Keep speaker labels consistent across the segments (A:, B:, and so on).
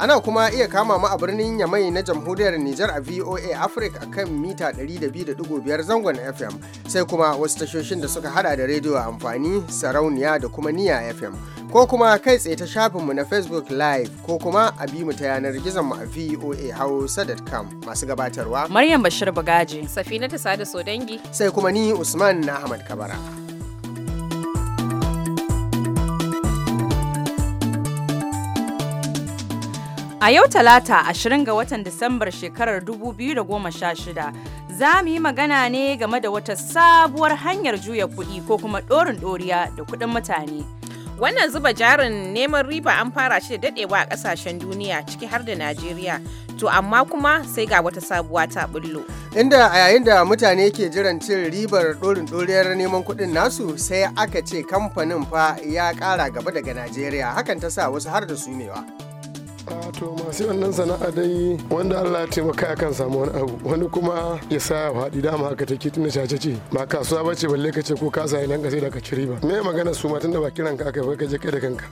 A: Ana kuma iya kama mu a birnin Yamai na Jamhuriyar Nijar a VOA Africa kan mita biyar zangon FM sai kuma wasu tashoshin da suka hada da rediyo a amfani sarauniya da kuma niya FM ko kuma kai tsaye ta shafinmu na Facebook Live ko kuma a bi mu ta yanar gizon mu a VOA Hausa.com masu gabatarwa Maryam Bashir Bagaji Safina ta sada Sodangi sai kuma ni Usman Ahmad Kabara.
B: A yau talata 20 ga watan Disambar shekarar 2016 za mu yi magana ne game da wata sabuwar hanyar juya kuɗi ko kuma ɗorin ɗoriya da kuɗin mutane. Wannan zuba jarin neman riba an fara shi da
C: daɗewa a ƙasashen duniya ciki har da Najeriya. To amma kuma sai ga wata sabuwa ta
A: bullo. Inda a yayin da mutane ke jiran cin ribar ɗorin ɗoriyar neman kuɗin nasu sai aka ce kamfanin fa ya ƙara gaba daga Najeriya hakan ta sa wasu har da sumewa.
B: to masu wannan sana'a dai wanda Allah ya taimaka ya kan samu wani abu wani kuma ya sa ya faɗi dama haka take da cace ce ba kasuwa ba ce balle ka ce ko ka sa nan ka sai da ka ciri ba me magana su ma da ba kiran ka aka yi ka je kai da kanka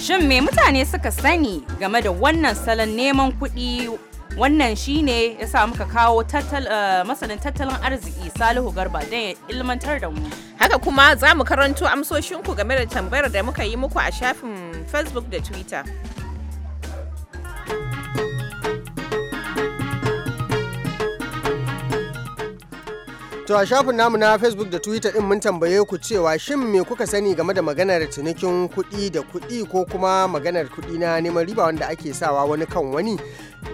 B: Shin me mutane suka sani game da wannan salon neman kuɗi wannan shi ne ya sa muka kawo eh, masanin tattalin arziki salihu garba don ya ilmantar da mu haka kuma za mu karanto
C: amsoshinku game da tambayar da muka yi muku a shafin facebook da twitter
A: To a shafin namu na Facebook da Twitter din mun tambaye ku cewa shin me kuka sani game da maganar cinikin kuɗi da kuɗi ko kuma maganar kuɗi na neman riba wanda ake sawa wani kan wani?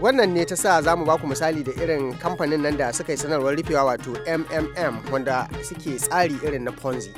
A: Wannan ne ta sa za mu baku misali da irin kamfanin nan da suka yi sanarwar rufewa wato MMM wanda suke tsari irin na Ponzi.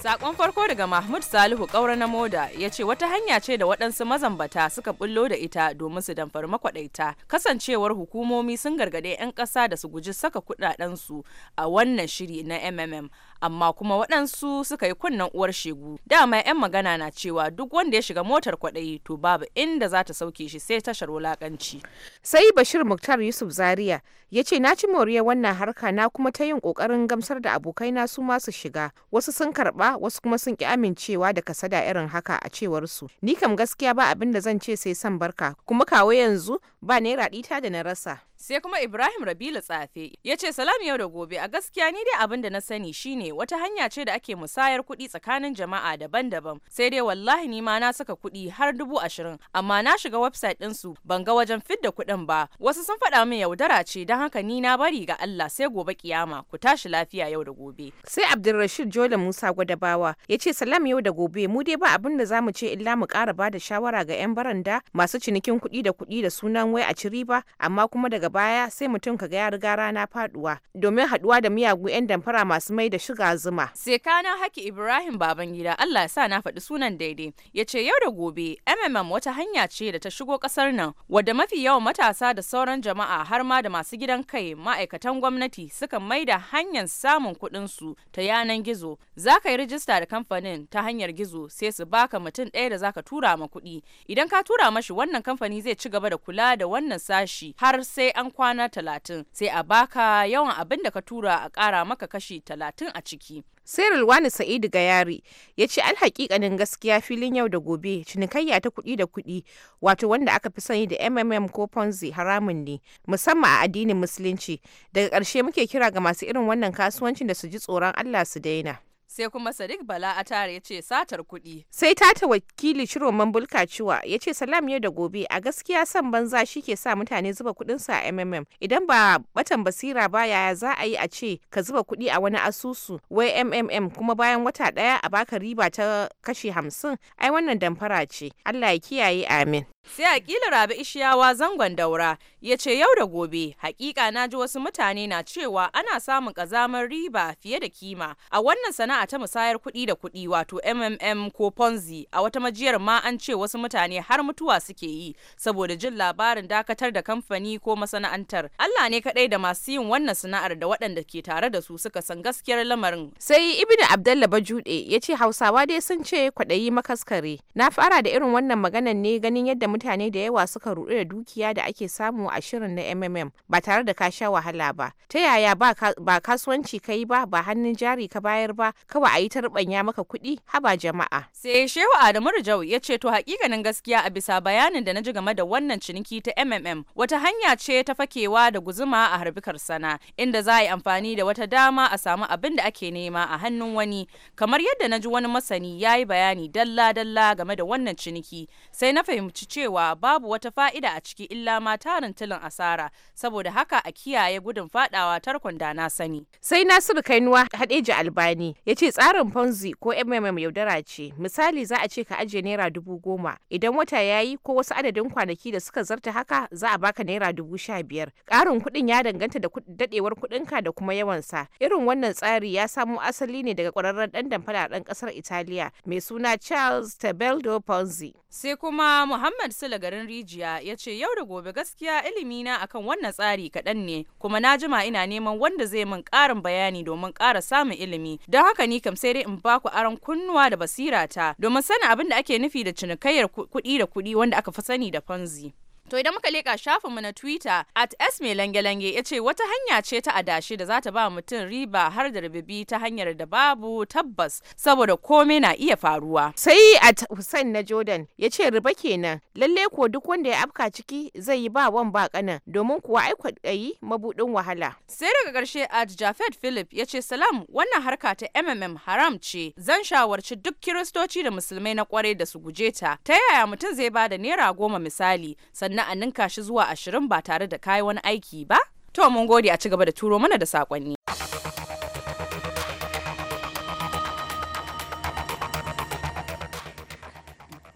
B: Sakon farko daga Mahmud Salihu Kaura na Moda ya ce wata hanya ce da waɗansu mazambata suka bullo da ita domin su damfari makwaɗaita. Kasancewar hukumomi sun gargaɗe 'yan ƙasa da su guji saka kuɗaɗensu a wannan shiri na MMM. amma kuma waɗansu suka yi kunnen uwar shegu dama 'yan magana na cewa duk wanda ya shiga motar kwaɗayi to babu inda za ta sauke shi sai tashar wulaƙanci sai
C: bashir muktar yusuf zaria ya ce na ci moriyar wannan harka na kuma ta yin ƙoƙarin gamsar da abokaina su ma su shiga wasu sun karɓa wasu kuma sun ƙi amincewa da kasada irin haka a cewar su ni kam gaskiya ba abin da zan ce sai san barka kuma kawo yanzu ba naira ɗita da
B: na rasa sai kuma ibrahim rabilu tsafe ya ce salam yau da gobe a gaskiya ni dai abin da na sani shine wata hanya ce da ake musayar kuɗi tsakanin jama'a daban-daban sai dai wallahi ni ma na saka kuɗi har dubu ashirin amma na shiga website su ban ga wajen fidda kuɗin ba wasu sun faɗa min yaudara ce don haka ni na bari ga Allah sai gobe kiyama ku tashi lafiya yau da gobe
C: sai abdulrashid jola musa gwadabawa ya ce salam yau da gobe mu dai ba abin da zamu ce illa mu ƙara bada shawara ga 'yan baranda masu cinikin kuɗi da kuɗi da sunan wai a ciri ba amma kuma daga baya sai mutum ka ga ya riga rana faduwa domin haduwa da miyagu 'yan damfara masu mai da shiga zuma.
B: Sekanan haki Ibrahim Babangida Allah ya sa na faɗi sunan daidai ya ce yau da gobe MMM wata hanya ce da ta shigo ƙasar nan wadda mafi yawan matasa da sauran jama'a har ma da masu gidan kai ma'aikatan gwamnati suka mai da hanyar samun kuɗin su ta yanan gizo za ka yi rijista da kamfanin ta hanyar gizo sai su baka mutum ɗaya da zaka tura ma kuɗi idan ka tura mashi wannan kamfani zai ci gaba da kula da wannan sashi har sai 'yan kwana talatin sai a baka yawan abin da ka tura a ƙara maka kashi talatin a ciki.
C: sai Wani Sa'idu Gayari ya ce alhaƙiƙanin gaskiya filin yau da gobe cinikayya ta kuɗi da kuɗi wato wanda aka fi sani da MMM ko Ponzi haramun ne musamman a addinin Musulunci daga karshe muke kira ga masu irin wannan kasuwancin da su ji tsoron Allah su daina.
B: sai kuma sadiq bala atar ya ce satar kuɗi
C: sai ta ta wakili shiroman bulka ciwa ya ce salam yau da gobe a gaskiya san banza shi ke sa mutane zuba kuɗin sa a mmm idan ba batan basira ba yaya za a yi a ce ka zuba kuɗi a wani asusu wai mmm kuma bayan wata ɗaya a baka riba ta kashi hamsin ai wannan
B: damfara ce allah ya kiyaye amin sai a kila rabi ishiyawa zangon daura ya ce yau da gobe hakika na ji wasu mutane na cewa ana samun kazamar riba fiye da kima a wannan sana'a ta musayar kuɗi da kuɗi wato mmm ko ponzi a wata majiyar ma an ce wasu mutane har mutuwa suke yi saboda jin labarin dakatar da kamfani ko masana'antar allah ne kaɗai da masu yin wannan sana'ar da waɗanda ke tare da su suka san gaskiyar lamarin
C: sai ibnu abdalla bajude ya ce hausawa dai sun ce kwaɗayi makaskare na fara da irin wannan maganan ne ganin yadda mutane da yawa suka rudu da dukiya da ake samu a shirin na MMM ba tare da ka sha wahala ba. Ta yaya ba kasuwanci ka yi ba ba hannun jari ka bayar ba kawai a yi ta rubanya maka kuɗi haba jama'a.
B: Sai Shehu Adamu Rajau ya ce to hakikanin gaskiya a bisa bayanin da na ji game da wannan ciniki ta MMM wata hanya ce ta fakewa da guzuma a harbikar sana inda za a yi amfani da wata dama a samu abin da ake nema a hannun wani kamar yadda na ji wani masani ya yi bayani dalla-dalla game da wannan ciniki sai na fahimci cewa cewa babu wata fa'ida a ciki illa ma tarin tilin asara saboda haka a kiyaye gudun fadawa tarkon da na sani.
C: Sai Nasiru Kainuwa Hadeji Albani ya ce tsarin Ponzi ko MMM yaudara ce misali za a ce ka ajiye naira dubu goma idan wata ya yi ko wasu adadin kwanaki da suka zarta haka za a baka naira dubu sha biyar ƙarin kuɗin ya danganta da dadewar kuɗinka da kuma yawansa irin wannan tsari ya samo asali ne daga kwararren ɗan damfara ɗan ƙasar Italiya mai suna Charles Tabeldo
B: Ponzi. sai kuma muhammad sula garin rijiya ya ce yau da gobe gaskiya ilimi na akan wannan tsari kaɗan ne kuma na jima ina neman wanda zai min ƙarin bayani domin ƙara samun ilimi don haka ni kam sai dai in baku aron kunnuwa da basira ta domin sanin abin da ake nufi da cinikayyar kuɗi da kuɗi wanda aka fi sani da fanzi To idan muka leƙa mu na Twitter at S mai lange-lange ya ce wata hanya ce ta adashi da za ta ba mutum riba har da rububi ta hanyar da babu tabbas saboda komai na iya faruwa. Sai at Hussein na
C: Jordan ya ce riba kenan lalle ko duk wanda ya afka ciki zai yi ba wan ba kana domin kuwa ai kwaɗayi mabuɗin wahala.
B: Sai daga karshe at Jafet Philip ya ce salam wannan harka ta MMM haram ce zan shawarci duk kiristoci da musulmai na kwarai da su guje ta ta yaya mutum zai ba da naira goma misali sannan na a ninka shi zuwa ashirin ba tare da kayi wani aiki ba? To mun gode a ci gaba da turo mana da saƙonni.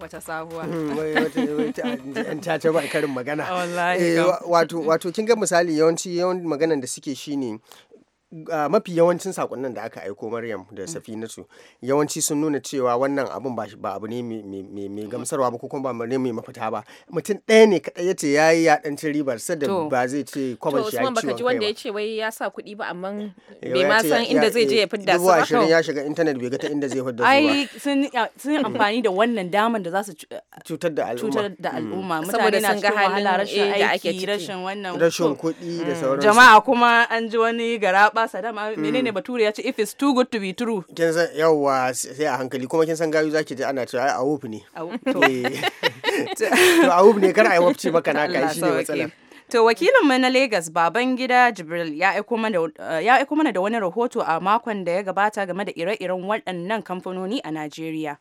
B: wata sabuwa. Yan hmm, caca ba karin magana.
A: Eh, wato kin ga misali yawanci yawan maganan da suke shine mafi yawancin sakonnin da aka aiko maryam da mm. safinatu yawanci sun nuna cewa wannan abun ba abu ne mai gamsarwa ba ko kuma ba ne mai mafita ba mutum ɗaya ne kaɗai yace ya yi ya ɗan ribar sadda ba zai ce kwaban shi ya ciwon kai ba. wanda
B: ya ce wai ya sa kuɗi ba amma bai ma san inda zai je ya fidda su ba. ashirin ya
A: shiga intanet bai ga ta inda zai fidda su ba. ai
B: sun amfani da wannan daman da za su cutar da al'umma. Mm. saboda sun ga mutane na eh, ake wahala rashin aiki rashin wannan. rashin kuɗi da mm. sauransu. jama'a kuma an ji wani garaba wasa dama menene mm. bature ya ce if it's
A: too good to be true kin san yawa sai a hankali kuma kin san gayu zaki ji ana cewa a wuf ne to
B: eh.
A: a wuf ne kar a yi wafci maka kai shi ne matsalar
B: To wakilin mu na lagos baban gida Jibril eh, ya aiko mana da wani rahoto a makon da ya gabata game da ire-iren waɗannan kamfanoni a Najeriya.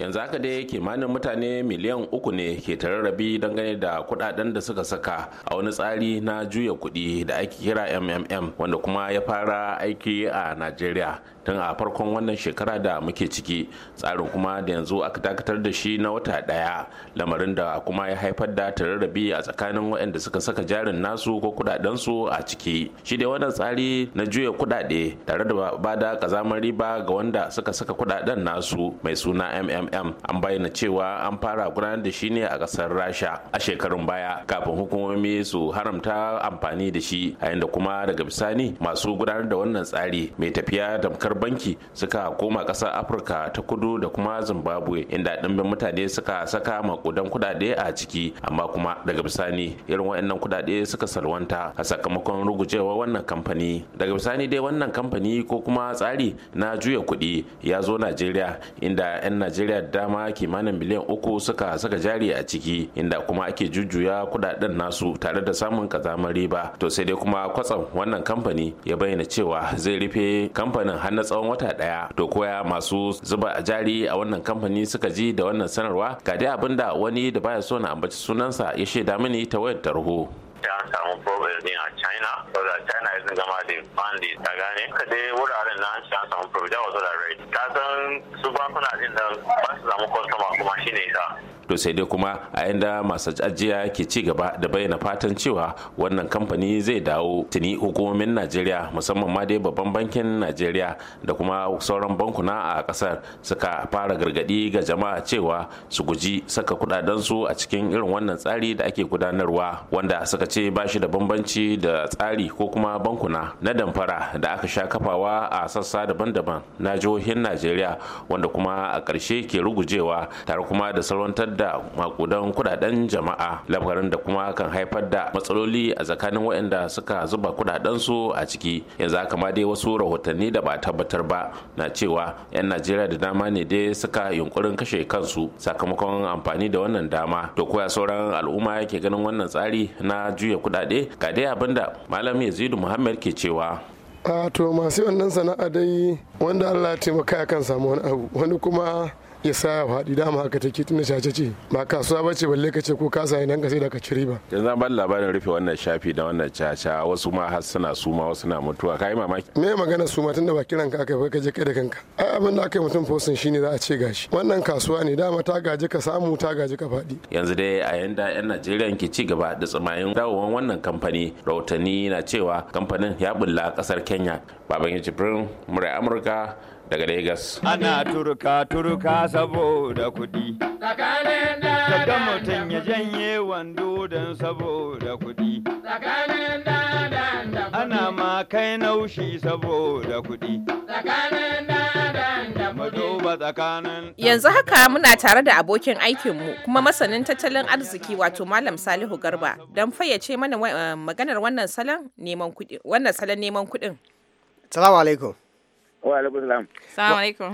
D: yanzu haka dai kimanin mutane miliyan uku ne ke tararrabi dangane da kudaden da suka saka a wani tsari na juya kudi da ake kira mmm wanda kuma ya fara aiki a najeriya tun a farkon wannan shekara da muke ciki tsarin kuma da yanzu aka dakatar da shi na wata daya lamarin da kuma ya haifar da tararrabi a tsakanin waɗanda suka saka jarin nasu ko kudaden su a ciki shi dai wannan tsari na juya kudade tare da ba da kazamar riba ga wanda suka saka kudaden nasu mai suna mmm an bayyana cewa an fara gudanar da shi ne a ƙasar rasha a shekarun baya kafin hukumomi su haramta amfani da shi a yanda kuma daga bisani masu gudanar da wannan tsari mai tafiya tamkar banki suka koma ƙasar afirka ta kudu da kuma zimbabwe inda ɗimbin mutane suka saka makudan kudade a ciki amma kuma daga bisani irin waɗannan kudade suka salwanta a sakamakon rugujewa wannan kamfani daga bisani dai wannan kamfani ko kuma tsari na juya kuɗi ya zo najeriya inda 'yan najeriya dama kimanin miliyan uku suka saka jari a ciki inda kuma ake jujjuya kudaden nasu tare da samun kazamar riba to sai dai kuma kwatsam wannan kamfani ya bayyana cewa zai rufe kamfanin har tsawon wata daya to koya masu zuba jari a wannan kamfani suka ji da wannan sanarwa ga dai abin da wani da baya so na ambaci sunansa ya shaida mini ta wayar tarho sai an samu problem a china saboda china ya zama da bandi ta gane ka dai wuraren na an samu problem da wasu da rai ta san su bankuna din nan ba su samu kwastoma kuma shine isa to sai dai kuma a yanda masu ajiya ke ci gaba da bayyana fatan cewa wannan kamfani zai dawo tuni hukumomin najeriya musamman ma dai babban bankin najeriya da kuma sauran bankuna a kasar suka fara gargadi ga jama'a cewa su guji saka kudadensu a cikin irin wannan tsari da ake gudanarwa wanda suka ce ba shi da bambanci da tsari ko kuma bankuna na damfara da aka sha kafawa a sassa daban-daban na jihohin najeriya wanda kuma a ƙarshe ke rugujewa tare kuma da salwantar da makudan kudaden jama'a lamarin da kuma kan haifar da matsaloli a tsakanin waɗanda suka zuba kudaden a ciki yanzu haka ma dai wasu rahotanni da ba tabbatar ba na cewa 'yan najeriya da dama ne dai suka yunkurin kashe kansu sakamakon amfani da wannan dama to koya sauran al'umma yake ganin wannan tsari na juya kudade ga dai abinda malam yazidu muhammad ke cewa
B: a to masu wannan sana'a dai wanda allah ya taimaka kan samu wani abu wani kuma ya sa ya faɗi dama haka take tunda shace ce ba kasuwa ce balle ka ce ko ka sai nan ka sai da ka ciri ba
D: yanzu an labarin rufe wannan shafi da wannan caca wasu ma har suna suma wasu na mutuwa kai mamaki
B: me magana suma tunda ba kiran ka kai ka je kai da kanka ai abin da aka yi mutum fosin shine za a ce gashi wannan kasuwa ne dama ta gaji ka samu ta gaji ka faɗi
D: yanzu dai a yanda yan Najeriya ke ci gaba da tsamayin dawowan wannan kamfani rahotanni na cewa kamfanin ya bulla kasar Kenya baban ya jibrin murai Amurka daga Legas. Ana
E: turka turka saboda kuɗi.
D: Daga mutum ya
E: janye wando don saboda kuɗi. Ana ma kai naushi saboda kuɗi.
C: Yanzu haka muna tare da abokin aikinmu kuma masanin tattalin arziki wato Malam Salihu Garba don fayyace mana eh, maganar wannan salon neman kuɗin.
A: Salamu alaikum.
E: Wa alaikum salam. Assalamu alaikum.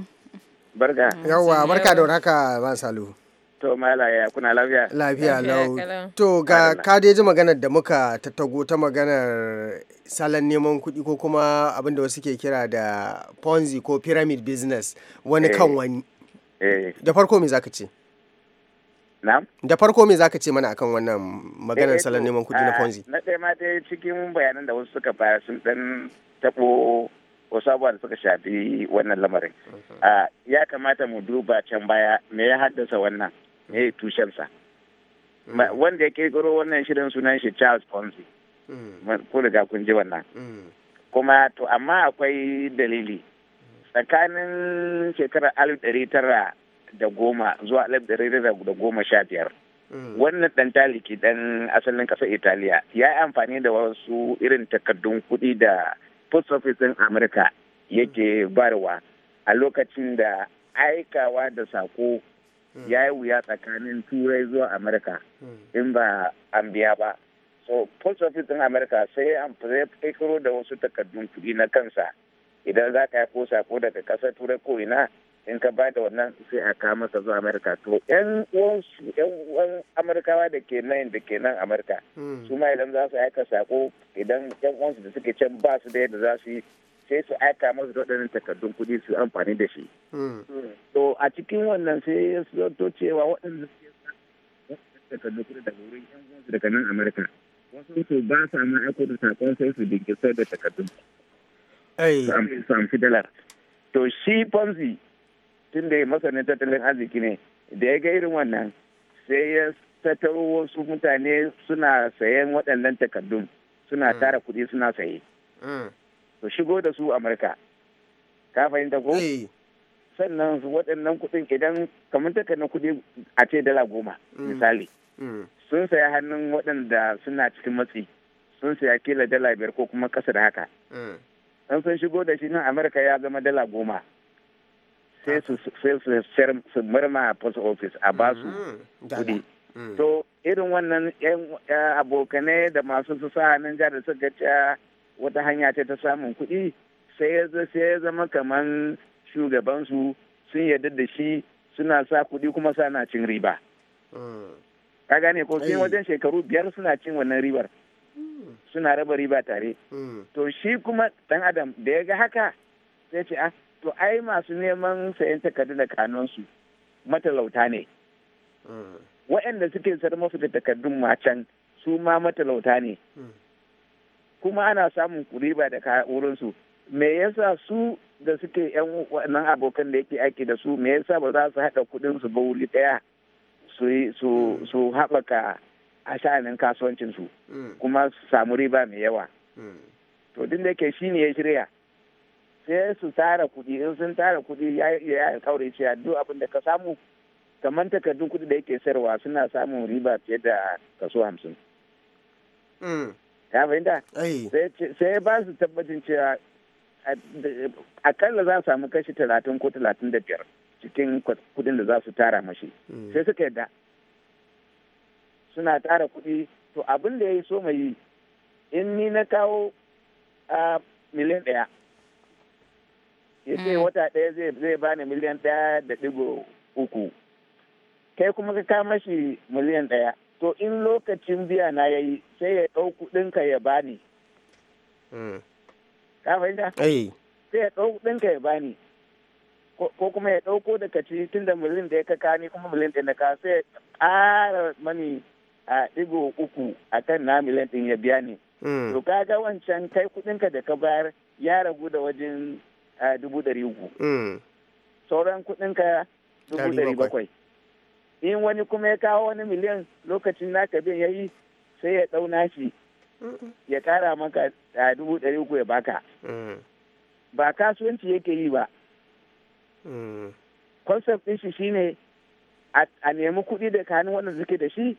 E: Barka. Yawwa barka da warhaka ba salu. To ya kuna lafiya? Lafiya lau.
A: To ga ka dai ji maganar da muka tattago ta maganar salon neman kuɗi ko kuma abinda wasu ke kira da ponzi ko pyramid business wani eh. kan wani. Eh. Da farko me zaka ce? Da farko me zaka ce mana akan wannan maganar eh, salon neman kuɗi na ponzi?
E: Na ɗaya ma dai cikin bayanan da wasu suka fara sun ɗan taɓo wasu abubuwan da suka shafi wannan lamarin ah, ya kamata mu duba can baya me ya haddasa wannan me ya hmm. tushensa hmm. wanda ya kirkiro wannan shirin sunan shi charles ponzi ko hmm. da kun ji wannan kuma to amma akwai dalili tsakanin shekarar alif ɗari tara da goma zuwa alif ɗari tara da goma sha biyar wannan ɗan taliki dan asalin ƙasar italiya ya yi amfani da wasu irin takardun kuɗi da post office ɗin amurka yake barwa a lokacin da aikawa da sako hmm. ya yi wuya tsakanin turai zuwa amurka hmm. in ba an biya ba so post office ɗin amurka sai an fahimtar da wasu takardun kuɗi na kansa idan za ka yi ko sako daga ƙasar turai ko ina in ka ba da wannan sai a kawo masa zuwa amurka to yan uwansu yan uwan amurkawa da ke nan da ke nan amurka hmm. su ma idan za su aika sako idan yan uwansu da suke can ba su da yadda za su yi sai su aika masu waɗannan takardun kuɗi su amfani da shi hmm. to a cikin wannan sai ya zanto cewa waɗanda suke takardun kuɗi daga wurin yan uwansu daga nan amurka wasu su ba sa ma aiko da sakon sai su dinkisar da takardun su amfi dalar to shi ponzi tun da masanin tattalin arziki ne da ya ga irin wannan sai ya tattaro wasu mutane suna sayan waɗannan takardun suna mm. tara kuɗi suna saye mm. to shigo da su amurka ka fahimta ko eh. sannan waɗannan kuɗin idan kamar takardun kuɗi a ce dala goma mm. misali sun saya hannun waɗanda suna cikin matsi sun saya kila dala biyar ko kuma ƙasa da haka in sun shigo da shi nan amurka ya zama dala goma sai su su murma post office a ba su mm-hmm. kuɗi to mm. irin wannan abokanai da masu su sa hannun jari suka ci wata hanya ce ta samun kuɗi sai ya zama kaman shugabansu sun yarda da shi suna sa kuɗi kuma sana cin riba mm. ka gane ko sai wajen shekaru biyar suna cin wannan ribar mm. suna raba riba tare to shi kuma dan adam da ya ga haka sai ce a ah, to ai masu neman sayan takardu da kanunsu matalauta ne waɗanda suke sayar masu da takardun macen su ma matalauta ne kuma ana samun kuriba da wurinsu me yasa su da suke yan wannan abokan da yake aiki da su me yasa ba za su haɗa kuɗin su ba wuri ɗaya su haɓaka a sha'anin kasuwancinsu mm. kuma su samu riba mai yawa mm. to duk da yake shi ne ya shirya sai su tara kuɗi in sun tara kuɗi ya yi kaure cewa duk abin da ka samu kamar takardun kuɗi da yake sayarwa suna samun riba fiye da kaso hamsin. Hmm. ya fahimta sai ba su tabbacin cewa akalla za su samu kashi talatin ko talatin da biyar cikin kuɗin da za su tara mashi hmm. sai suka yadda suna tara kuɗi to abin da ya yi so mai yi in ni na kawo miliyan ɗaya
D: ya ce mm. wata
E: ɗaya zai zai bani miliyan ɗaya da ɗigo uku kai kuma ka ka mashi miliyan ɗaya to in lokacin biya na ya yi sai ya ɗau kuɗinka ya bani mm. ka fahimta sai ya ɗau kuɗinka ya bani ko kuma ya ɗauko da kaci tun da miliyan da ya ka kani kuma miliyan ɗaya na ka sai ya ƙara mani a ɗigo uku a kan na miliyan ɗin ya biya ni mm. to kaga wancan kai kuɗinka da ka bayar ya ragu da wajen dubu ɗari uku mm. sauran ka
D: dubu ɗari bakwai
E: in wani kuma ya kawo wani miliyan lokacin naka bin ya yi sai ya ɗau shi ya ƙara maka a dubu ɗari uku ya baka mm. ba kasuwanci yake yi ba Konsep mm. ɗin shi shine a nemi kuɗi da kanin waɗanda suke da shi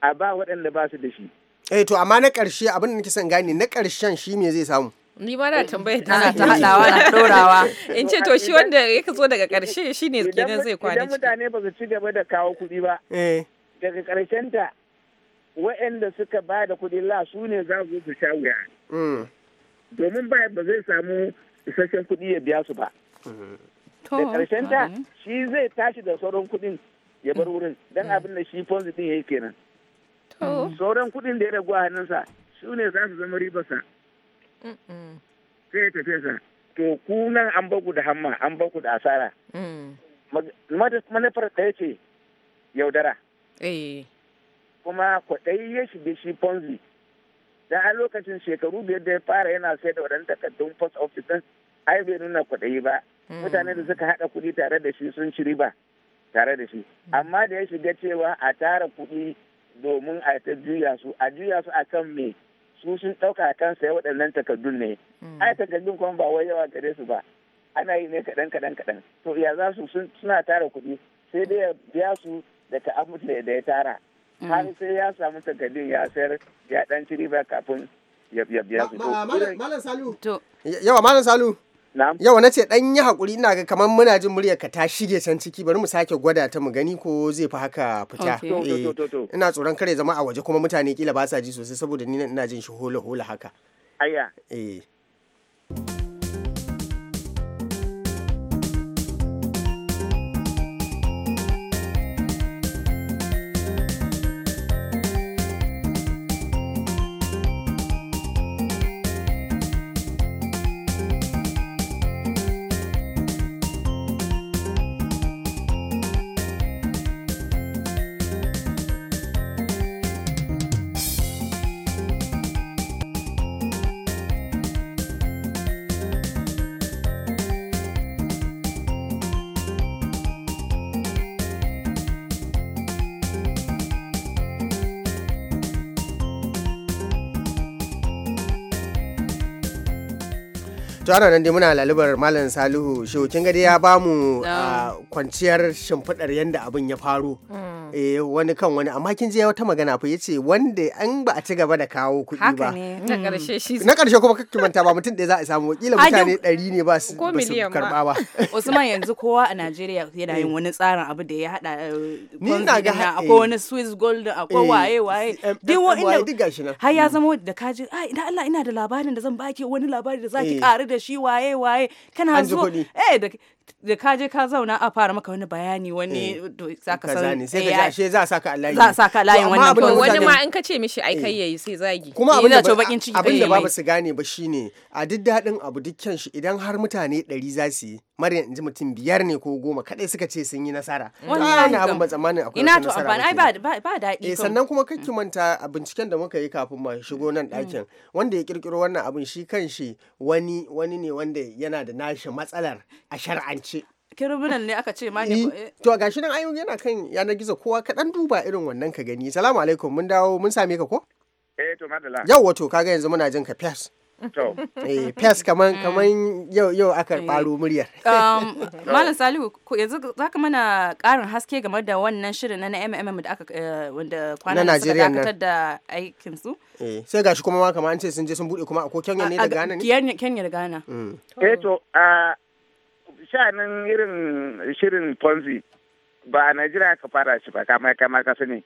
E: a ba waɗanda ba su da shi
A: eh to amma na ƙarshe abin da nake son gane na ƙarshen shi me zai samu
E: ni ma na tambaya ta ana ta
C: hadawa na dorawa in ce to shi wanda ya zo daga karshe ne kenan zai kwana idan
E: mutane ba su ci gaba da kawo kuɗi ba eh. daga karshen ta waɗanda suka ba da kuɗi la su ne za su su sha wuya mm. domin ba ba zai samu isasshen kuɗi ya biya su ba
A: da karshen ta
E: shi zai tashi da sauran kuɗin ya bar wurin dan abin da shi ɗin din yayi kenan sauran kuɗin da ya ragu a hannunsa su ne za su zama ribarsa
D: sai
E: ya tafiya sa to ku nan an baku da hamma an baku da asara mm. manufar ta ce yaudara eh. kuma kwaɗayi ya shiga shi ponzi da a lokacin shekaru biyar da ya fara yana sai da waɗannan takardun post office ai bai nuna kwaɗayi ba mm. mutane da suka haɗa kuɗi tare da shi sun shiri ba. tare da shi mm. amma da ya shiga cewa a tara kuɗi domin a ta juya su a juya su a kan me su sun ɗauka a kansa waɗannan takardun ne mm. ai takardun kuma ba wai yawa gare su ba ana yi ne kaɗan kaɗan kaɗan to ya za su suna tara kuɗi sai dai ya biya su da ta'amul da ya tara mm. har sai ya samu takardun ya sayar ya ɗan ciri ba kafin ya biya su. Malam Salu.
A: Yawa Malam Salu. Yau na ce ɗan yi haƙuri ina ga kamar muna jin muryar ka ta shige can ciki bari mu sake gwada ta mu gani ko zai fi haka fita. Eh, ina tsoron kare zama a waje kuma mutane kila ba sa ji sosai saboda ni ina jin shi hula hula haka. Aya. Eh. tuwa ana nan dai muna lalubar malam salihu shi kin gadi ya bamu kwanciyar shimfiɗar yadda abin ya faru mm. eh wani kan wani amma kin je wata magana fa yace wanda an ba a ci gaba da kawo kuɗi ba haka ne na karshe
B: hmm. shi na karshe
A: kuma kake manta ba mutum ɗaya za a samu kila mutane 100 ne ba su karba ba
B: Usman yanzu kowa a Najeriya yana yin eh. wani tsarin abu da ya hada eh, ni ga akwai eh. wani Swiss gold akwai waye waye duk wanda har ya hmm. zama da kaji ai ina Allah ina da labarin da zan baki wani labari da zaki karu da shi waye waye kana zuwa eh da ka je ka zauna a fara maka wani bayani wani eh, zaka ka san sai ka
A: za a saka layin za a saka layin wannan to wani
B: ma in ka ce mishi ai kai yayi
C: sai zagi kuma eh, abin da bakin ciki abin da eh, ba su
A: gane ba shine a duk dadin abu dukkan shi idan har mutane 100 za su yi Maryam inji mutum biyar ne ko goma kadai suka ce sun yi nasara. Wani abin ba tsammanin akwai nasara. Ina to amfani ai ba
B: ba daɗi. Eh sannan
A: kuma kake mm. manta a binciken da muka yi kafin mu shigo nan mm. ɗakin wanda ya kirkiro wannan abin shi kanshi wani wani ne wanda yana da nashi matsalar a shar'ance.
B: kirubunan ne aka ce ma ne eh, eh.
A: to a gashi nan ayo yana kan yanar gizo kowa kaɗan duba irin wannan ka gani salamu alaikum mun dawo mun same ka ko
E: eh to madala
A: yau wato kaga yanzu muna jin ka fiyas Eh, eh, fes kaman mm. kaman yau yau aka faro mm. muryar
B: um, malam salihu yanzu za ka mana karin haske game da wannan shirin na mmm da aka eh, wanda kwanan suka dakatar da aikin su
A: sai gashi kuma ma kamar an ce sun je sun bude kuma a ko kenya ne da ghana ne
B: kenya da ghana
E: mm. eh to a shanin irin shirin ponzi ba a najeriya ka fara shi ba kama kama ka sani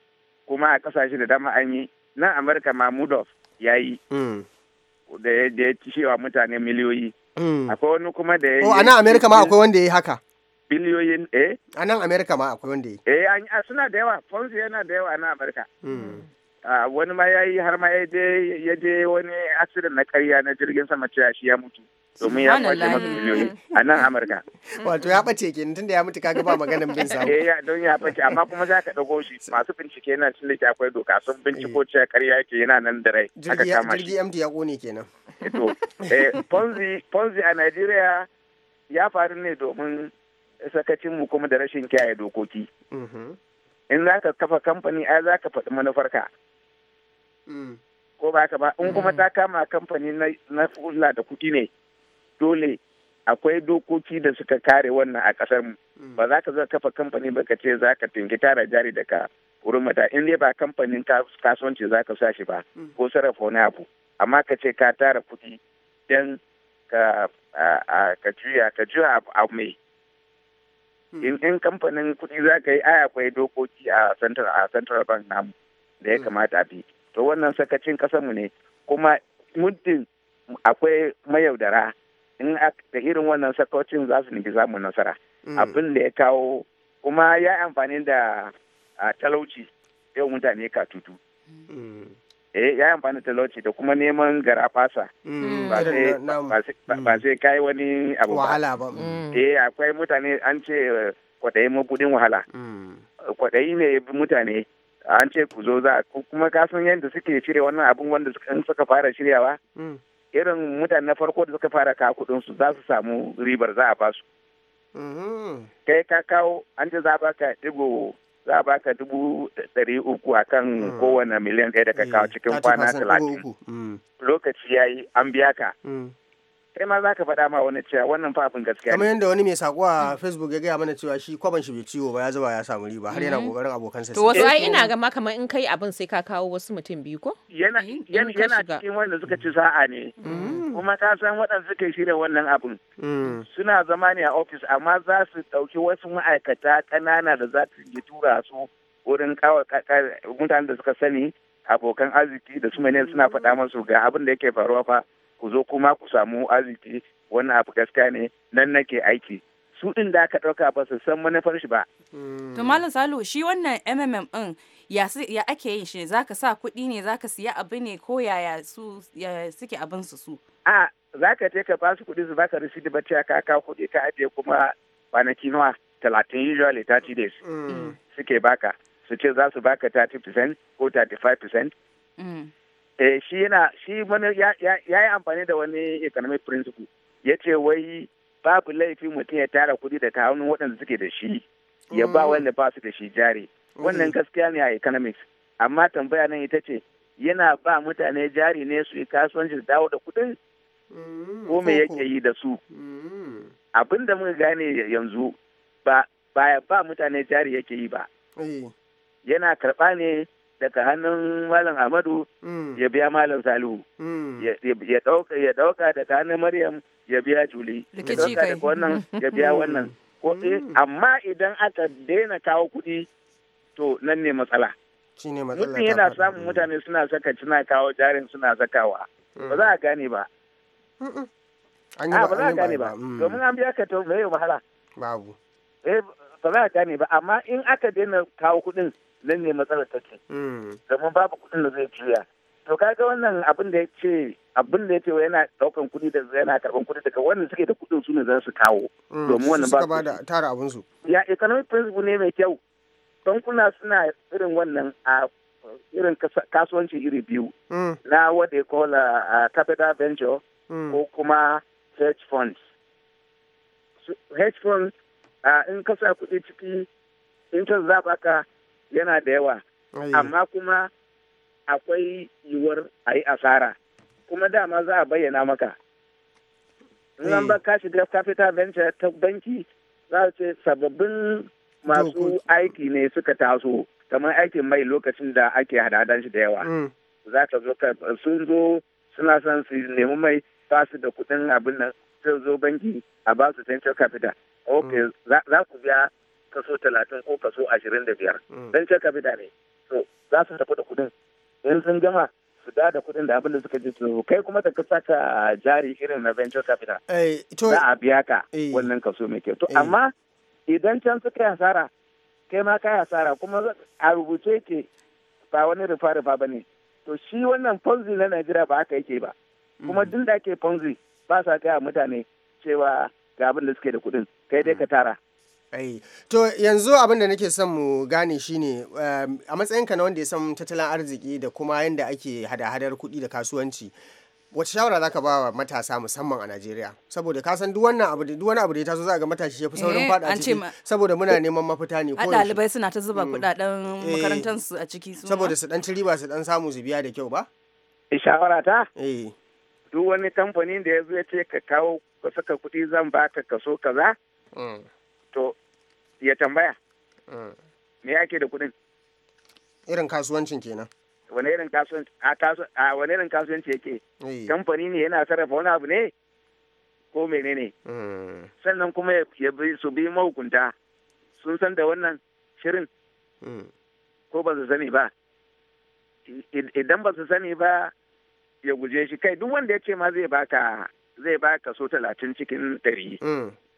E: kuma a kasashe da dama an yi nan amurka ma mudof ya yi da ya ci wa mutane miliyoyi hmm. akwai wani kuma da ya oh, a nan amerika ma akwai
A: wanda ya haka
E: biliyoyin eh
A: a nan amerika ma akwai wanda ya
E: yi eh a suna da yawa fonsi yana da yawa a nan amerika hmm. wani ma ya yi har ma ya je wani asirin na karya na jirgin sama cewa shi ya mutu domin ya kwace masa miliyoyi a nan amurka
A: wato ya bace kenan tunda ya mutu kaga ba maganin bin sa eh ya
E: don ya bace amma kuma za ka dago shi masu bincike yana cin da akwai doka sun binciko eh. cewa karya yake yana nan da rai aka kama shi jirgi MD ya kone kenan eh, to eh ponzi ponzi a Najeriya ya faru ne domin sakacin mu kuma da rashin kiyaye dokoki mhm. in za ka kafa kamfani ai za ka faɗi manufarka mm. ko ba ka ba in kuma mm. ta kama kamfani na fulla da kuɗi ne dole akwai dokoki da suka kare wannan a ƙasar mu hmm. ba za ka kafa kamfani ba ka ce za ka tinki tara jari da ka mata in dai ba kamfanin kasuwanci za ka sa shi ba hmm. ko sarrafa wani abu amma ka ce ka tara kuɗi don ka juya ka juya abu mai hmm. in kamfanin kuɗi za ka yi ai akwai dokoki a central a central bank namu da ya kamata a bi to wannan sakacin ƙasarmu ne kuma muddin akwai mayaudara in da irin wannan sakocin za su nufi samun nasara mm. abin da ya kawo kuma ya amfani da talauci yau mutane ka tutu mm. eh ya amfani talauci da kuma neman gara fasa mm. ba sai kai wani abu wahala ba eh akwai mutane an ce eh, kwaɗayi makudin wahala eh, kwaɗayi ne mutane an ce ku zo za kuma ka san yadda suke shirya wannan abin wanda suka fara shiryawa irin mutane na farko da suka fara kawo kudin su za su samu ribar za a ba su mhm. kai ka kawo an ce za a baka digo za a baka dubu ɗari uku a kan hmm. kowane miliyan ɗaya da ka kawo cikin kwana talatin hmm. lokaci ya yi an biya ka hmm. kai ma za ka faɗa ma wani cewa wannan fafin gaskiya kamar
A: yadda wani mai sako a facebook ya gaya mana cewa shi kwaban shi bai ciwo ba ya zuba ya samu riba
E: har yana kokarin mhm. abokansa to wasu ai eh, ina eh.
C: gama kamar in kai abin sai ka kawo wasu mutum biyu ko
E: yana eh, yana cikin wanda suka ci sa'a ne mm. kuma ka san waɗanda suka yi shirin wannan abin mm. suna zama ne a ofis amma za su ɗauki wasu ma'aikata ƙanana da za su tura su wurin kawo mutanen da suka sani abokan arziki da su suna faɗa masu ga abin da yake faruwa fa ku zo kuma ku samu arziki wannan abu gaskiya ne nan nake aiki su ɗin da aka ɗauka ba su san manufar shi ba.
B: Hmm. To Malam Salu shi wannan MMM ɗin ya ake yin shi ne zaka sa kuɗi ne zaka siya abu ne
E: ko yaya su suke abin su su. A zaka je ka ba su kuɗi su baka rishi da bacci ka ka kuɗi ka ajiye kuma kwanaki nawa talatin usually thirty days hmm. suke baka su ce za su baka thirty percent ko thirty five eh shi yana shi ya yi amfani da wani economic principle ya ce wai babu laifi mutum ya tara kuɗi da ta waɗanda suke da shi ya ba mm. wanda ba su da shi jari mm. wannan gaskiya ne a economics amma tambaya nan ita ce yana ba mutane jari ne su yi kasuwanci da dawo da kuɗin
A: mm. ko me yake yi
E: da su abin da muka gane yanzu ba ba mutane jari yake yi ba eh. yana karɓa ne daga hannun malam Ahmadu mm. ya biya malam Salihu mm. ya dauka ya dauka daga hannun Maryam ya biya Juli ya dauka daga wannan ya biya wannan ko mm. eh, amma idan aka daina kawo kuɗi to nan ne matsala mutum yana samun mutane suna saka suna kawo jarin suna sakawa ba za a gane ba a ba za a gane ba domin an biya ka to mai wahala babu eh ba za a gane ba amma in aka daina kawo kuɗin nan ne matsalar take mm. domin babu kuɗin da zai juya to kaga wannan abin da ya ce abin da ya ce yana daukan kudi da yana karban kudi daga wannan suke da kuɗin su ne za su kawo mm, domin wannan ba da tara abin su ya economic principle ne mai kyau bankuna suna irin wannan a irin kasuwanci iri biyu mm. na what they call a capital venture ko kuma hedge funds hedge funds in kasa kudi ciki interest za ka. yana da yawa amma kuma akwai yiwuwar a yi asara kuma dama za a bayyana maka nan ba ka shiga capital venture ta banki za ce sababbin masu aiki ne suka taso kamar aikin mai lokacin da ake hadadan shi da yawa mm. za ka zo ka sun zo suna son su nemi mai ba da kudin abin nan zo banki a basu su venture capital ok mm. za ku biya kaso talatin ko kaso ashirin da biyar mm. don ce ka bida ne to za su tafi da kuɗin in sun gama su da da kuɗin da abin da suka ji su kai kuma da ka saka jari irin na venture capital
A: eh, za a
E: biya ka eh. wannan kaso mai kyau to eh. amma idan can suka yi asara kai ma ka yi asara kuma a rubuce ke ba wani rufa rufa ba ne to shi wannan ponzi na najeriya ba haka yake ba kuma mm. duk da ake ponzi ba sa kai mutane cewa ga abin da suke da kuɗin kai dai ka mm. tara Ai,
A: to yanzu abin da nake son mu gane shine um, a matsayinka na wanda ya san tattalin arziki da kuma yadda ake hada-hadar kuɗi da kasuwanci. wace shawara za ka ba wa matasa musamman a Najeriya saboda ka san duk wannan abu duk wani abu da ya taso za ga matashi ya fi saurin eh, fada ciki saboda muna neman mafita ne ko dalibai suna ta zuba mm. kudaden
E: eh, makarantar su a ciki su saboda su
A: dan ci riba su dan samu su biya da kyau ba
E: eh, shawara ta eh duk wani kamfanin da ya zo ya ce ka kawo ka saka kuɗi zan baka kaso kaza mm. to ya tambaya mm. me yake da kuɗin
A: irin kasuwancin kenan
E: wani irin kasuwanci a wani irin kasuwanci yake eh. kamfani ne yana sarrafa wani abu ne ko menene mm. sannan kuma ya bi su bi mahukunta sun san da wannan shirin mm. ko ba su sani ba idan ba su sani ba ya guje shi kai duk wanda ya ce ma zai baka zai baka so talatin cikin ɗari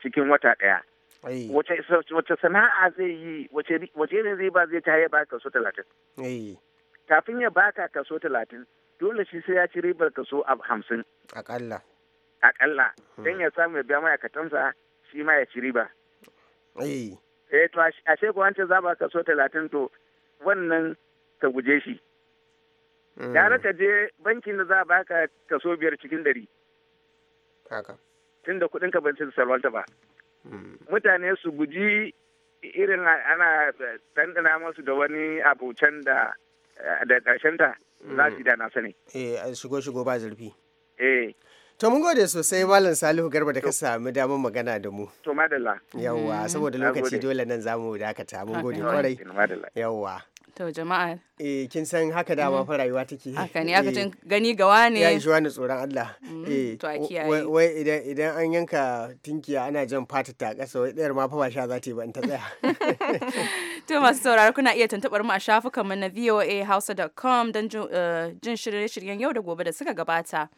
E: cikin wata ɗaya wace sana'a zai yi wace ne zai ba zai ta ya ba kaso talatin kafin ya baka kaso talatin dole shi sai ya ci ribar kaso hamsin akalla akalla hmm. don ya samu ya biya ma'aikatansa shi ma ya ci riba eh to a ce ko za ba kaso talatin to wannan ka guje shi hmm. gara ka je bankin da za ba ka kaso biyar cikin dari tun da kuɗin ka ban salwanta ba mutane su guji irin ana tantana masu da wani abu can da eh, da ƙarshen ta mm. za su da na sani
A: eh shigo shigo ba zurfi eh To mun gode sosai Malam Salihu Garba da ka sami damar magana da mu. To
E: madalla. Yawwa saboda mm, lokaci
A: dole nan zamu dakata mun gode kwarai. Yawwa.
B: to jama'a
A: eh kin san haka dama mm. fa rayuwa take haka ne aka tun eh. gani gawa ne ya ji wani tsoron Allah mm, eh to a kiyaye wai idan idan an yanka tinkiya ana jan fata ta kasa wai dayar ma fa ba sha za ta yi ba in ta tsaya
B: to masu sauraro kuna iya tuntubar mu a shafukan mu na voahausa.com don eh, jin shirye-shiryen yau da gobe da suka gabata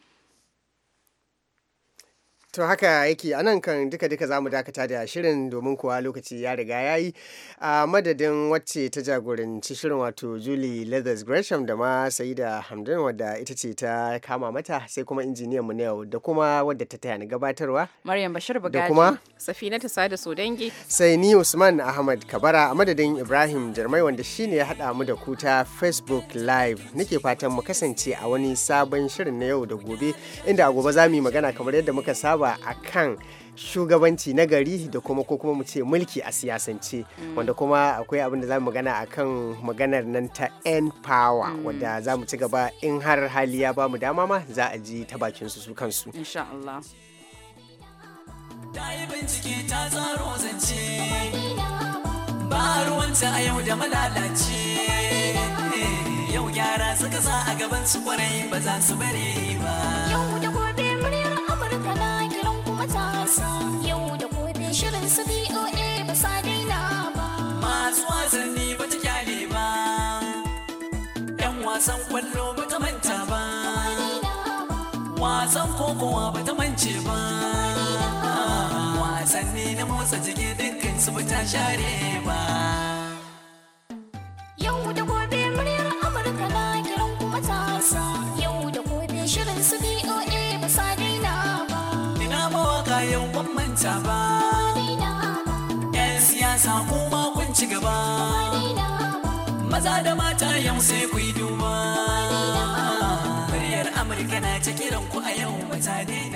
A: To haka yake nan kan duka-duka za mu dakata da shirin domin kuwa lokaci ya riga ya yi a madadin wacce ta jagoranci shirin wato Julie Leathers Gresham da ma Saida Hamdan wadda ita ce ta kama mata sai kuma injiniyan mu na yau da kuma wadda ta taya ni gabatarwa.
B: Maryam Bashir
C: Bugaji. Da kuma Safina ta sada Sodangi.
A: Sai ni Usman Ahmad Kabara a madadin Ibrahim Jarmai wanda shine ya haɗa mu da ku ta Facebook Live. Nake fatan mu kasance a wani sabon shirin na yau da gobe inda a gobe za mu yi magana kamar yadda muka saba yawa akan shugabanci na gari da kuma ko kuma mu ce mulki a siyasance mm. wanda kuma akwai abin da za mu magana akan maganar nan ta n power mm. wanda za mu ci gaba in har hali ya ba mu dama ma za a ji ta bakin su su kansu
B: insha Allah ta yi bincike ta tsaro zance ba ruwanta a yau da malalace eh, yau gyara suka sa a gaban su kwarai ba za su bare ba yau da yau da gobe shirin su BOA ba sa daina ba. Masu wasanni ba ta kyale ba, 'yan wasan kwallo ba ta manta ba, wasan kokowa ba ta mance ba. Wasanni na motsa jiki dukkan su ba ta share ba. mata ba yan siyasa kuma kun ci gaba maza da mata yau sai ku yi duba
E: muryar amurka na ta kiran ku a yau mata daidai